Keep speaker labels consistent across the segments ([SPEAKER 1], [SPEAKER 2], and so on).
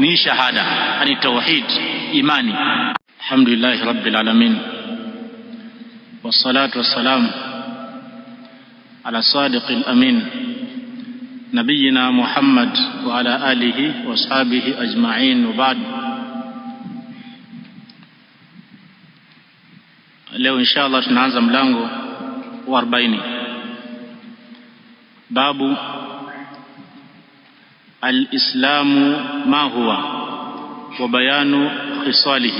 [SPEAKER 1] ni shahada, ani tauhid, imani. Alhamdulillahi rabbil alamin wassalatu wassalamu ala sadiqil amin nabiyina Muhammad wa ala alihi wa sahbihi ajma'in wa ba'd. Leo insha Allah tunaanza mlango wa 40 babu الإسلام ما هو وبيان خصاله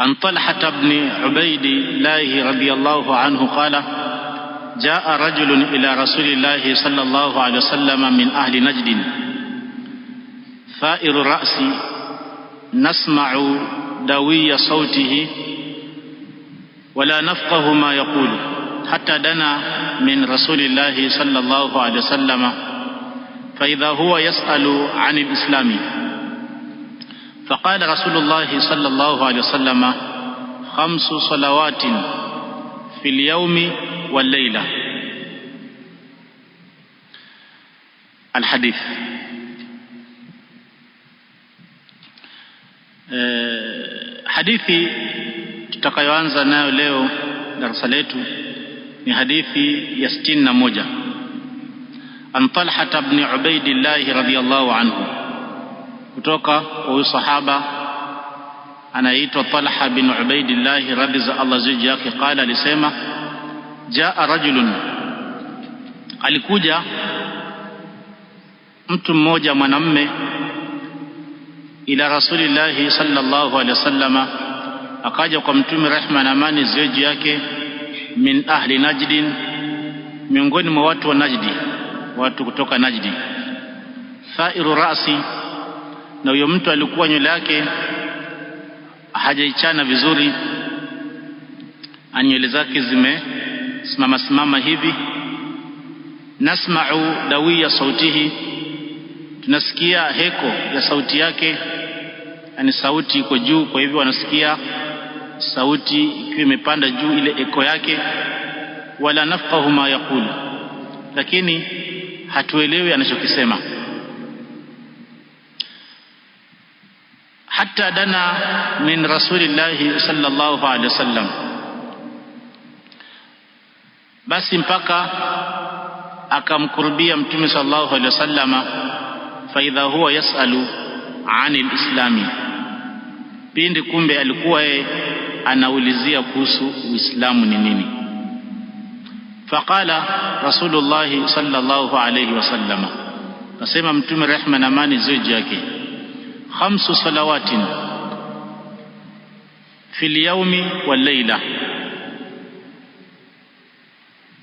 [SPEAKER 1] عن طلحة بن عبيد الله رضي الله عنه قال جاء رجل إلى رسول الله صلى الله عليه وسلم من أهل نجد فائر الرأس نسمع دوي صوته ولا نفقه ما يقول حتى دنا من رسول الله صلى الله عليه وسلم فإذا هو يسأل عن الإسلام فقال رسول الله صلى الله عليه وسلم خمس صلوات في اليوم والليلة الحديث أه Hadithi tutakayoanza nayo leo darasa letu ni hadithi ya sitini na moja an Talha ibn Ubaidillah radhiyallahu anhu, kutoka kwa huyu sahaba anayeitwa Talha bin Ubaidillah, radhi za Allah ziji yake. Qala, alisema jaa rajulun, alikuja mtu mmoja mwanamme ila rasulillahi sallallahu alaihi wasallama, akaja kwa mtume rehma na amani ziwe juu yake. Min ahli Najdin, miongoni mwa watu wa Najdi, watu kutoka Najdi. Thairu rasi, na huyo mtu alikuwa nywele yake hajaichana vizuri, anywele zake zimesimama simama hivi. Nasma'u dawiya sautihi tunasikia heko ya sauti yake, yani sauti iko juu, kwa hivyo wanasikia sauti ikiwa imepanda juu, ile eko yake. Wala nafqahu ma yaqulu, lakini hatuelewi anachokisema. Hatta dana min rasulillahi sallallahu alaihi wasallam, basi mpaka akamkurubia Mtume sallallahu alaihi wasallama faidha huwa yasalu ani lislami, pindi kumbe alikuwa yeye anaulizia kuhusu Uislamu ni nini. Faqala Rasulullahi sallallahu alayhi wasallama, nasema Mtume rehma na amani ziwe juu yake, khamsu salawatin fi lyaumi wa leila.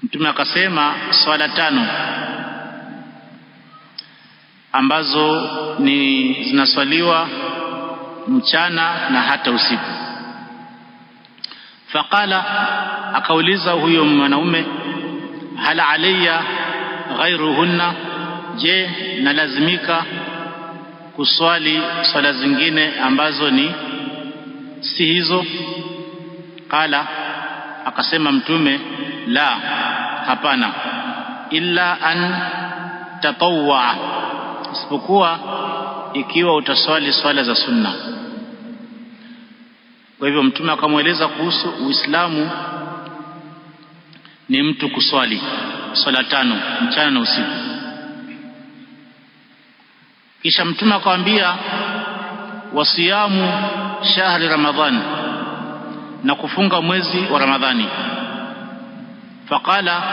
[SPEAKER 1] Mtume akasema swala tano ambazo ni zinaswaliwa mchana na hata usiku. Faqala, akauliza huyo mwanaume, hal alayya ghairuhunna, je, nalazimika kuswali swala zingine ambazo ni si hizo? Qala, akasema Mtume, la, hapana, illa an tatawwa isipokuwa ikiwa utaswali swala za sunna. Kwa hivyo Mtume akamweleza kuhusu Uislamu ni mtu kuswali swala tano mchana na usiku. Kisha Mtume akamwambia wasiyamu shahri Ramadhan, na kufunga mwezi wa Ramadhani. Faqala,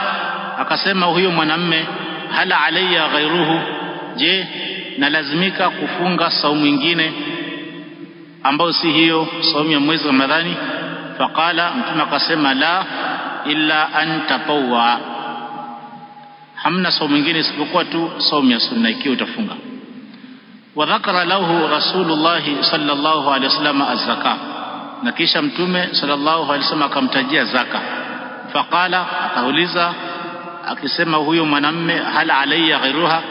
[SPEAKER 1] akasema huyo mwanamme, hala alayya ghairuhu Je, nalazimika kufunga saumu ingine ambayo si hiyo saumu ya mwezi Ramadhani? Faqala, mtume akasema, la illa an tatawwa, hamna saumu ingine isipokuwa tu saumu ya sunna ikiwa utafunga. Wa dhakara lahu Rasulullahi sallallahu alaihi wasallam azaka, na kisha mtume sallallahu alaihi wasallam akamtajia zaka. Faqala, akauliza akisema huyo mwanamme, hal alayya ghairuha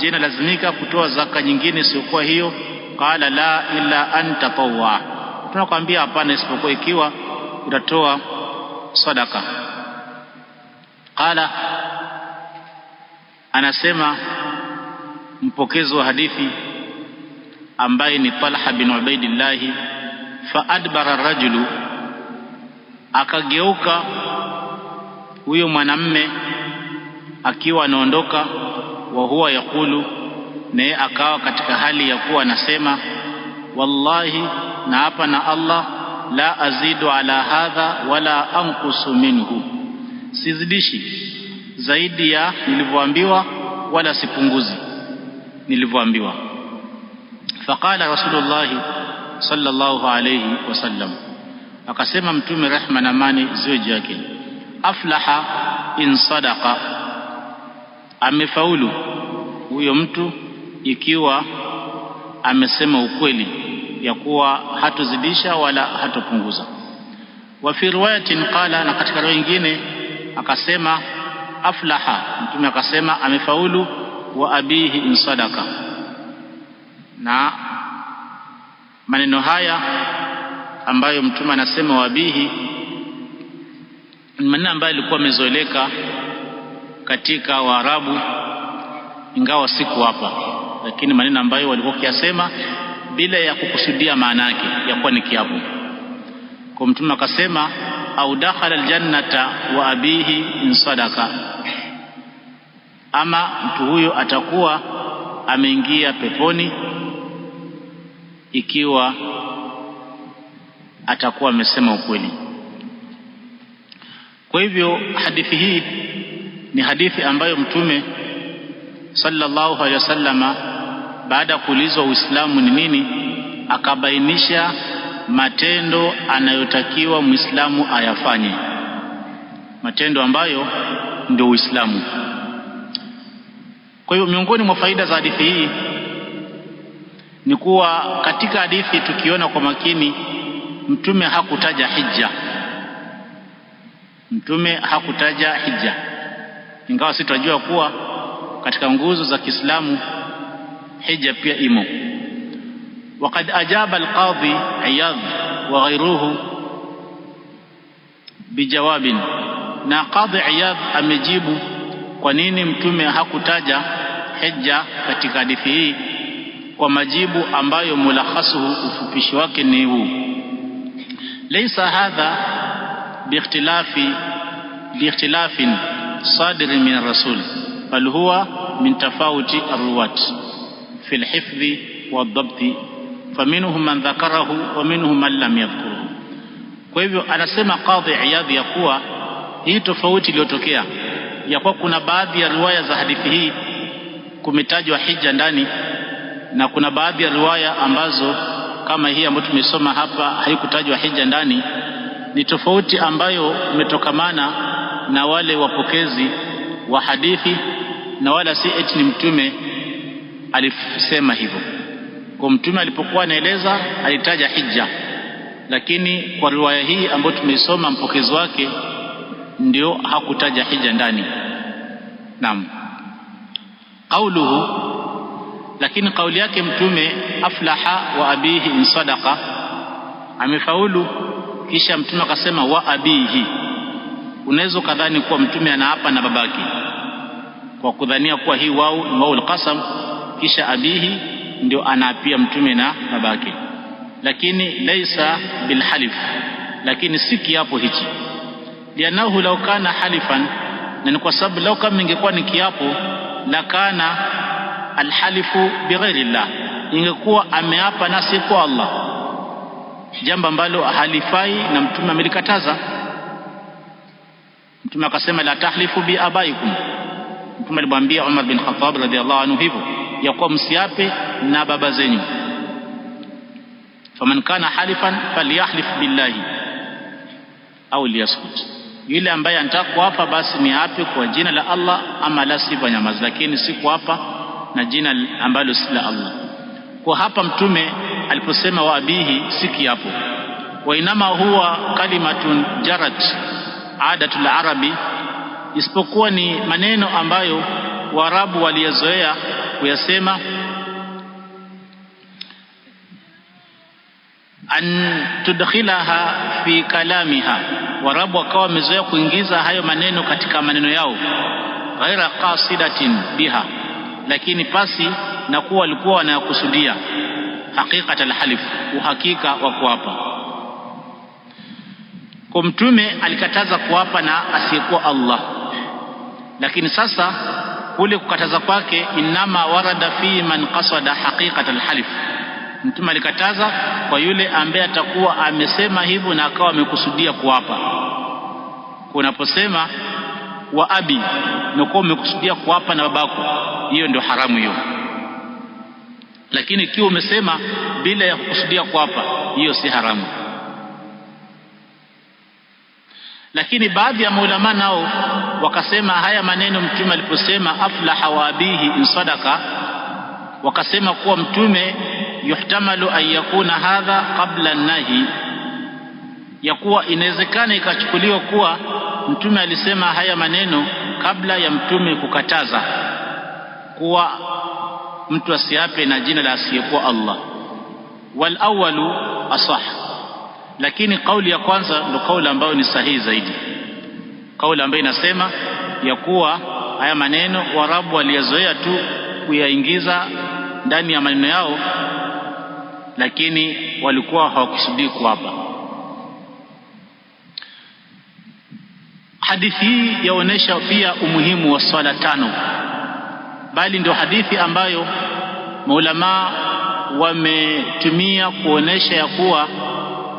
[SPEAKER 1] Je, inalazimika kutoa zaka nyingine isiyokuwa hiyo? Qala la illa an tatawwa, tunakwambia hapana, isipokuwa ikiwa utatoa sadaka. Qala, anasema mpokezi wa hadithi ambaye ni Talha bin Ubaidillahi, fa adbara rajulu, akageuka huyo mwanamme akiwa anaondoka wa huwa yaqulu, naye akawa katika hali ya kuwa anasema, wallahi, na hapa na Allah, la azidu ala hadha wala anqusu minhu, sizidishi zaidi ya nilivyoambiwa wala sipunguzi nilivyoambiwa. Faqala Rasulullahi sallallahu alayhi wasallam, akasema Mtume, rehma na amani ziwe juu yake, aflaha in sadaqa amefaulu huyo mtu ikiwa amesema ukweli ya kuwa hatozidisha wala hatopunguza. Wa fi riwayatin qala, na katika riwaya nyingine akasema aflaha, Mtume akasema amefaulu. Wa abihi in sadaka, na maneno haya ambayo Mtume anasema wa abihi ni maneno ambayo alikuwa amezoeleka katika Waarabu, ingawa siku hapa, lakini maneno ambayo walikuwa wakiyasema bila ya kukusudia maana yake yakuwa ni kiapo. Kwa Mtume akasema au dakhala aljannata wa abihi in sadaka, ama mtu huyo atakuwa ameingia peponi ikiwa atakuwa amesema ukweli. Kwa hivyo hadithi hii ni hadithi ambayo Mtume sallallahu alaihi wasallama baada ya kuulizwa Uislamu ni nini, akabainisha matendo anayotakiwa Muislamu ayafanye, matendo ambayo ndio Uislamu. Kwa hiyo miongoni mwa faida za hadithi hii ni kuwa katika hadithi tukiona kwa makini, Mtume hakutaja hija. Mtume hakutaja hija ingawa sisi tunajua kuwa katika nguzo za Kiislamu hija pia imo. Waqad ajaba alqadhi Iyadh wa ghayruhu bijawabin, na Qadhi Iyadh amejibu kwa nini Mtume hakutaja hija katika hadithi hii kwa majibu ambayo mulakhasuhu, ufupishi wake ni huu: laysa hadha biikhtilafin sadri min rasuli bal huwa min tafauti arruwat fi lhifdhi wadhabti faminhum man dhakarahu wa minhum man lam yadhkuruhu. Kwa hivyo anasema Qadhi Iyadhi ya kuwa hii tofauti iliyotokea ya kuwa kuna baadhi ya riwaya za hadithi hii kumetajwa hija ndani na kuna baadhi ya riwaya ambazo kama hii ambayo tumesoma hapa haikutajwa hija ndani, ni tofauti ambayo imetokamana na wale wapokezi wa hadithi, na wala si eti ni mtume alisema hivyo. Kwa mtume alipokuwa anaeleza alitaja hija, lakini kwa riwaya hii ambayo tumeisoma mpokezi wake ndio hakutaja hija ndani. Naam, qauluhu, lakini kauli yake mtume aflaha wa abihi in sadaqa, amefaulu. Kisha mtume akasema wa abihi Unaweza ukadhani kuwa mtume anaapa na babake kwa kudhania kuwa hii wau ni wau alqasam, kisha abihi ndio anaapia mtume na babake, lakini laisa bilhalif, lakini si kiapo hichi. liannahu lau kana halifan, na ni kwa sababu lau kama ingekuwa ni kiapo la kana alhalifu bighairi llah, ingekuwa ameapa nasi kwa Allah, jambo ambalo halifai na mtume amelikataza. Mtume akasema la tahlifu bi abaikum. Mtume alimwambia Umar bin Khattab radhiallahu anhu hivyo ya kuwa msiape na baba zenyu, faman kana halifan falyahlif billahi au liyaskut, yule ambaye anataka kuapa basi ni ape kwa jina la Allah ama la sifa nyamazi, lakini si kuapa na jina ambalo si la Allah. Kwa hapa Mtume aliposema wa abihi si kiapo, wainama huwa kalimatun jarat adatul arabi, isipokuwa ni maneno ambayo Waarabu waliyazoea kuyasema an tudkhilaha fi kalamiha, Waarabu wakawa wamezoea kuingiza hayo maneno katika maneno yao, ghaira qasidatin biha, lakini pasi na kuwa walikuwa wanayokusudia haqiqat alhalif, uhakika wa kuapa kwa mtume alikataza kuapa na asiyekuwa Allah, lakini sasa kule kukataza kwake inama warada fi man qasada haqiqata alhalif, mtume alikataza kwa yule ambaye atakuwa amesema hivyo na akawa amekusudia kuapa. Kunaposema wa abi, nakuwa umekusudia kuapa na babako, hiyo ndio haramu hiyo. Lakini ikiwa umesema bila ya kukusudia kuapa, hiyo si haramu. Lakini baadhi ya maulama nao wakasema haya maneno Mtume aliposema aflaha wa abihi in sadaka, wakasema kuwa Mtume yuhtamalu an yakuna hadha qabla nahi, ya kuwa inawezekana ikachukuliwa kuwa Mtume alisema haya maneno kabla ya Mtume kukataza kuwa mtu asiape na jina la asiyekuwa Allah. Wal awwalu asah lakini kauli ya kwanza ndo kauli ambayo ni sahihi zaidi, kauli ambayo inasema ya kuwa haya maneno Waarabu waliyazoea tu kuyaingiza ndani ya maneno yao, lakini walikuwa hawakusudii kuwapa. Hadithi hii yaonyesha pia umuhimu wa swala tano, bali ndio hadithi ambayo maulamaa wametumia kuonyesha ya kuwa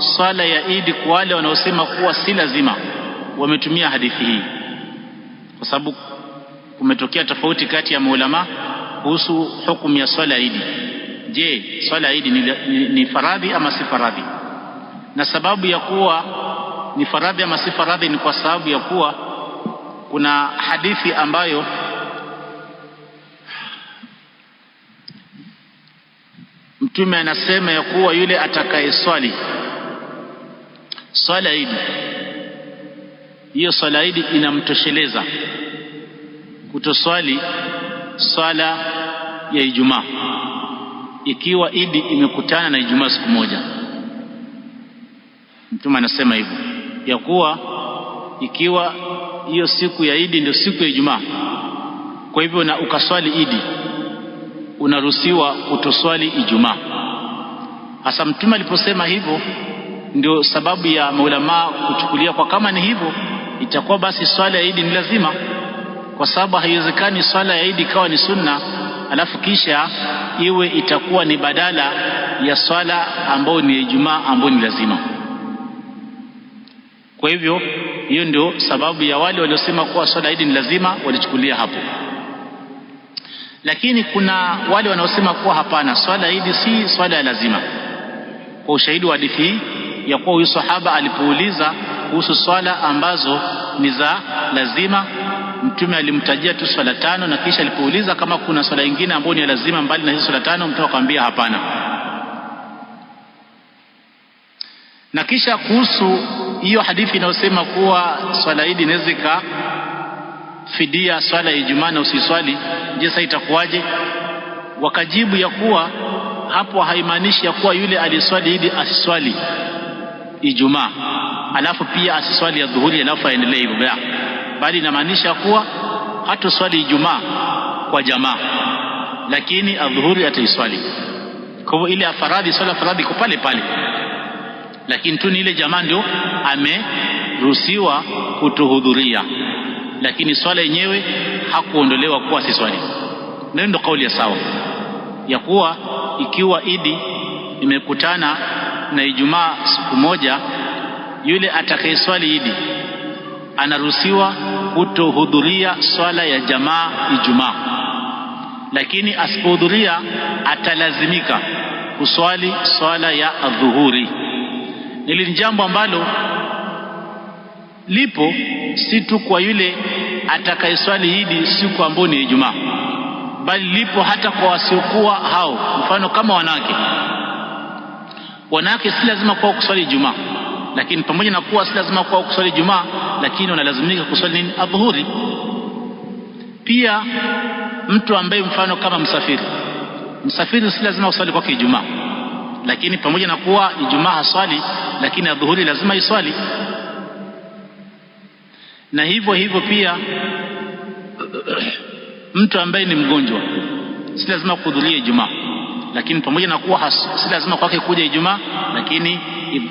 [SPEAKER 1] swala ya Idi kwa wale wanaosema kuwa si lazima, wametumia hadithi hii kwa sababu kumetokea tofauti kati ya maulama kuhusu hukumu ya swala ya Idi. Je, swala ya Idi ni, ni, ni faradhi ama si faradhi? Na sababu ya kuwa ni faradhi ama si faradhi ni kwa sababu ya kuwa kuna hadithi ambayo Mtume anasema ya kuwa yule atakayeswali swala idi. Hiyo swala idi inamtosheleza kutoswali swala ya Ijumaa ikiwa idi imekutana na Ijumaa siku moja. Mtume anasema hivyo ya kuwa ikiwa hiyo siku ya idi ndio siku ya Ijumaa, kwa hivyo na ukaswali idi unaruhusiwa kutoswali Ijumaa. Hasa Mtume aliposema hivyo ndio sababu ya maulamaa kuchukulia kwa kama ni hivyo, itakuwa basi swala ya Idi ni lazima, kwa sababu haiwezekani swala ya Idi ikawa ni sunna alafu kisha iwe itakuwa ni badala ya swala ambayo ni Ijumaa ambayo ni lazima. Kwa hivyo hiyo ndio sababu ya wale waliosema kuwa swala ya Idi ni lazima, walichukulia hapo. Lakini kuna wale wanaosema kuwa hapana, swala ya Idi si swala ya lazima, kwa ushahidi wa hadithi hii ya kuwa huyu sahaba alipouliza kuhusu swala ambazo ni za lazima, Mtume alimtajia tu swala tano, na kisha alipouliza kama kuna swala nyingine ambayo ni lazima mbali na hizo swala tano, Mtume akamwambia hapana. Na kisha kuhusu hiyo hadithi inayosema kuwa swala idi inaweza ikafidia swala ya Ijumaa na usiswali, je, sasa itakuwaje? Wakajibu ya kuwa hapo haimaanishi ya kuwa yule aliswali idi asiswali Ijumaa, alafu pia asiswali ya dhuhuri, alafu aendelee hivyo, bali inamaanisha kuwa swali Ijumaa kwa jamaa, lakini adhuhuri ataiswali. Kwa hivyo ile faradhi, swala faradhi iko pale pale, lakini tu ni ile jamaa ndio ameruhusiwa kutohudhuria, lakini swala yenyewe hakuondolewa kuwa si swali ndio kauli ya sawa ya kuwa ikiwa idi imekutana na Ijumaa siku moja, yule atakayeswali Idi anaruhusiwa kutohudhuria swala ya jamaa Ijumaa, lakini asipohudhuria atalazimika kuswali swala ya adhuhuri. Hili ni jambo ambalo lipo si tu kwa yule atakayeswali Idi siku ambayo ni Ijumaa, bali lipo hata kwa wasiokuwa hao, mfano kama wanawake Wanawake si lazima kwao kuswali Ijumaa, lakini pamoja na kuwa si lazima kwao kuswali Ijumaa, lakini wanalazimika kuswali nini? Adhuhuri. Pia mtu ambaye mfano kama msafiri, msafiri si lazima kuswali kwake Ijumaa, lakini pamoja na kuwa Ijumaa haswali, lakini adhuhuri lazima iswali. Na hivyo hivyo pia mtu ambaye ni mgonjwa si lazima kuhudhuria Ijumaa lakini pamoja na kuwa si lazima kwake kuja Ijumaa, lakini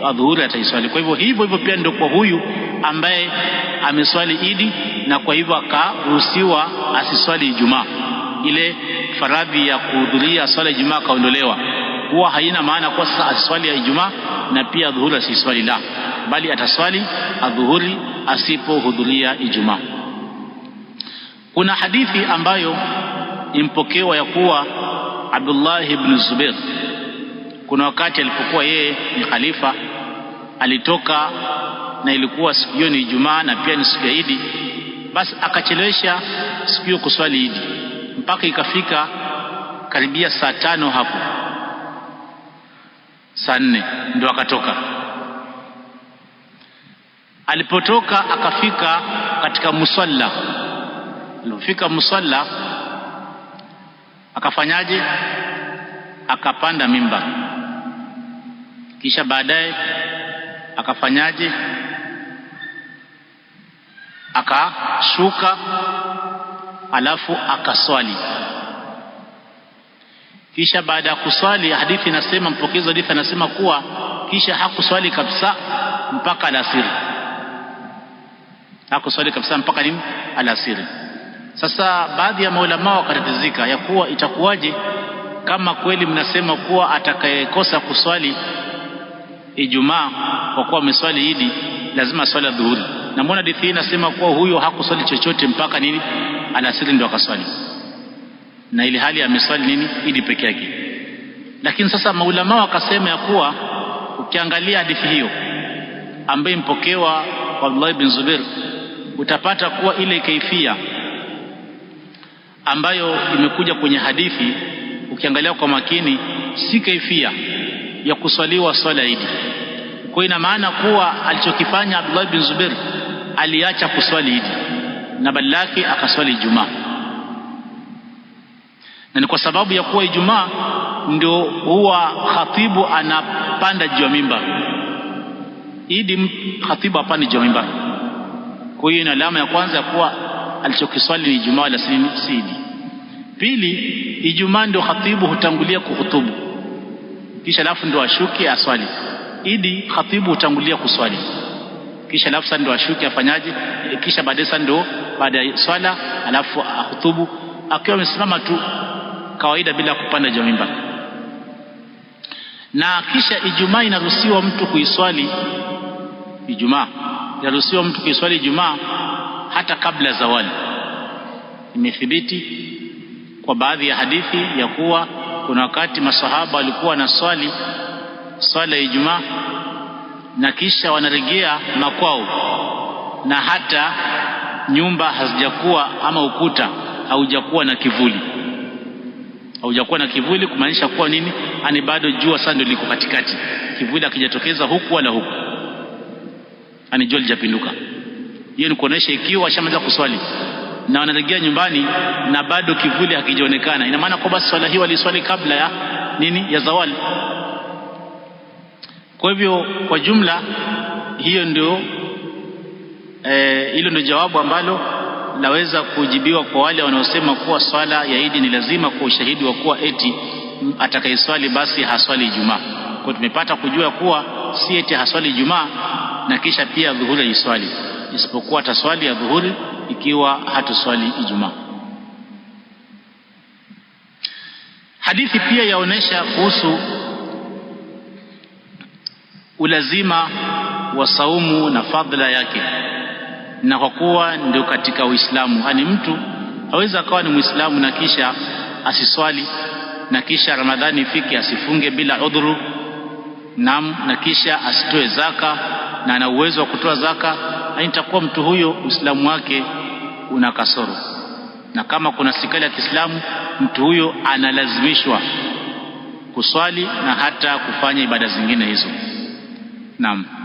[SPEAKER 1] adhuhuri ataiswali. Kwa hivyo hivyo hivyo pia ndio kwa huyu ambaye ameswali Idi na kwa hivyo akaruhusiwa asiswali Ijumaa. Ile faradhi ya kuhudhuria swala Ijumaa akaondolewa, huwa haina maana kuwa sasa asiswali ya Ijumaa na pia adhuhuri asiswali, la bali ataswali adhuhuri asipohudhuria Ijumaa. Kuna hadithi ambayo impokewa ya kuwa Abdullahi ibn Zubair, kuna wakati alipokuwa yeye ni khalifa alitoka, na ilikuwa siku hiyo ni Ijumaa na pia ni siku ya Idi, basi akachelewesha siku hiyo kuswali Idi mpaka ikafika karibia saa tano hapo saa nne ndo akatoka. Alipotoka akafika katika musalla, alipofika musalla Akafanyaje? Akapanda mimba. Kisha baadaye akafanyaje? Akashuka, alafu akaswali. Kisha baada ya kuswali, hadithi inasema, mpokezi wa hadithi anasema kuwa kisha hakuswali kabisa mpaka alasiri, hakuswali kabisa mpaka ni alasiri. Sasa baadhi ya maulamaa wakatatizika ya kuwa itakuwaje kama kweli mnasema kuwa atakayekosa kuswali Ijumaa kwa kuwa ameswali Idi lazima swali dhuhuri, na mbona hadithi hii inasema kuwa huyo hakuswali chochote mpaka nini alasiri ndio akaswali, na ili hali ameswali nini Idi peke yake. Lakini sasa maulama wakasema ya kuwa ukiangalia hadithi hiyo ambayo impokewa Abdullahi bin Zubair utapata kuwa ile kaifia ambayo imekuja kwenye hadithi, ukiangalia kwa makini, si kaifia ya kuswaliwa swala Idi. Kwa ina maana kuwa alichokifanya Abdullah bin Zubair aliacha kuswali Idi na balaki akaswali Ijumaa, na ni kwa sababu ya kuwa Ijumaa ndio huwa khatibu anapanda juu ya mimba Idi khatibu hapandi juu ya mimba. Kwa hiyo ni alama ya kwanza ya kuwa alichokiswali ni Ijumaa wala sini. Idi. Pili, Ijumaa ndio khatibu hutangulia kuhutubu, kisha alafu ndio ashuke aswali. Idi khatibu hutangulia kuswali, kisha alafu sasa ndio ashuke afanyaje, kisha baadaye sasa ndio baada ya swala alafu ahutubu akiwa amesimama tu kawaida, bila kupanda jamimba. Na kisha Ijumaa inaruhusiwa mtu kuiswali Ijumaa inaruhusiwa mtu kuiswali Ijumaa hata kabla zawali. Imethibiti kwa baadhi ya hadithi ya kuwa kuna wakati masahaba walikuwa na swali swala ya Ijumaa na kisha wanarejea makwao, na hata nyumba hazijakuwa ama ukuta haujakuwa na kivuli, haujakuwa na kivuli, kumaanisha kuwa nini? Ani bado jua sasa ndio liko katikati, kivuli akijatokeza huku wala huku, ani jua lijapinduka hiyo ni kuonesha ikiwa washamaliza kuswali na wanaregea nyumbani na bado kivuli hakijaonekana, ina maana kwamba swala hii waliswali kabla ya nini, ya zawali. Kwa hivyo kwa jumla hiyo ndio eh, hilo e, ndio jawabu ambalo laweza kujibiwa kwa wale wanaosema kuwa swala ya Idi ni lazima kwa ushahidi wa kuwa eti atakayeswali basi haswali Ijumaa. Kwa tumepata kujua kuwa si eti haswali Ijumaa na kisha pia dhuhuri iswali isipokuwa ataswali ya dhuhuri ikiwa hatuswali Ijumaa. Hadithi pia yaonyesha kuhusu ulazima wa saumu na fadhila yake, na kwa kuwa ndio katika Uislamu, ani mtu hawezi akawa ni Mwislamu na kisha asiswali na kisha Ramadhani ifike asifunge bila udhuru nam na kisha asitoe zaka na ana uwezo wa kutoa zaka na mtu huyo Uislamu wake una kasoro, na kama kuna serikali ya Kiislamu mtu huyo analazimishwa kuswali na hata kufanya ibada zingine hizo. Naam.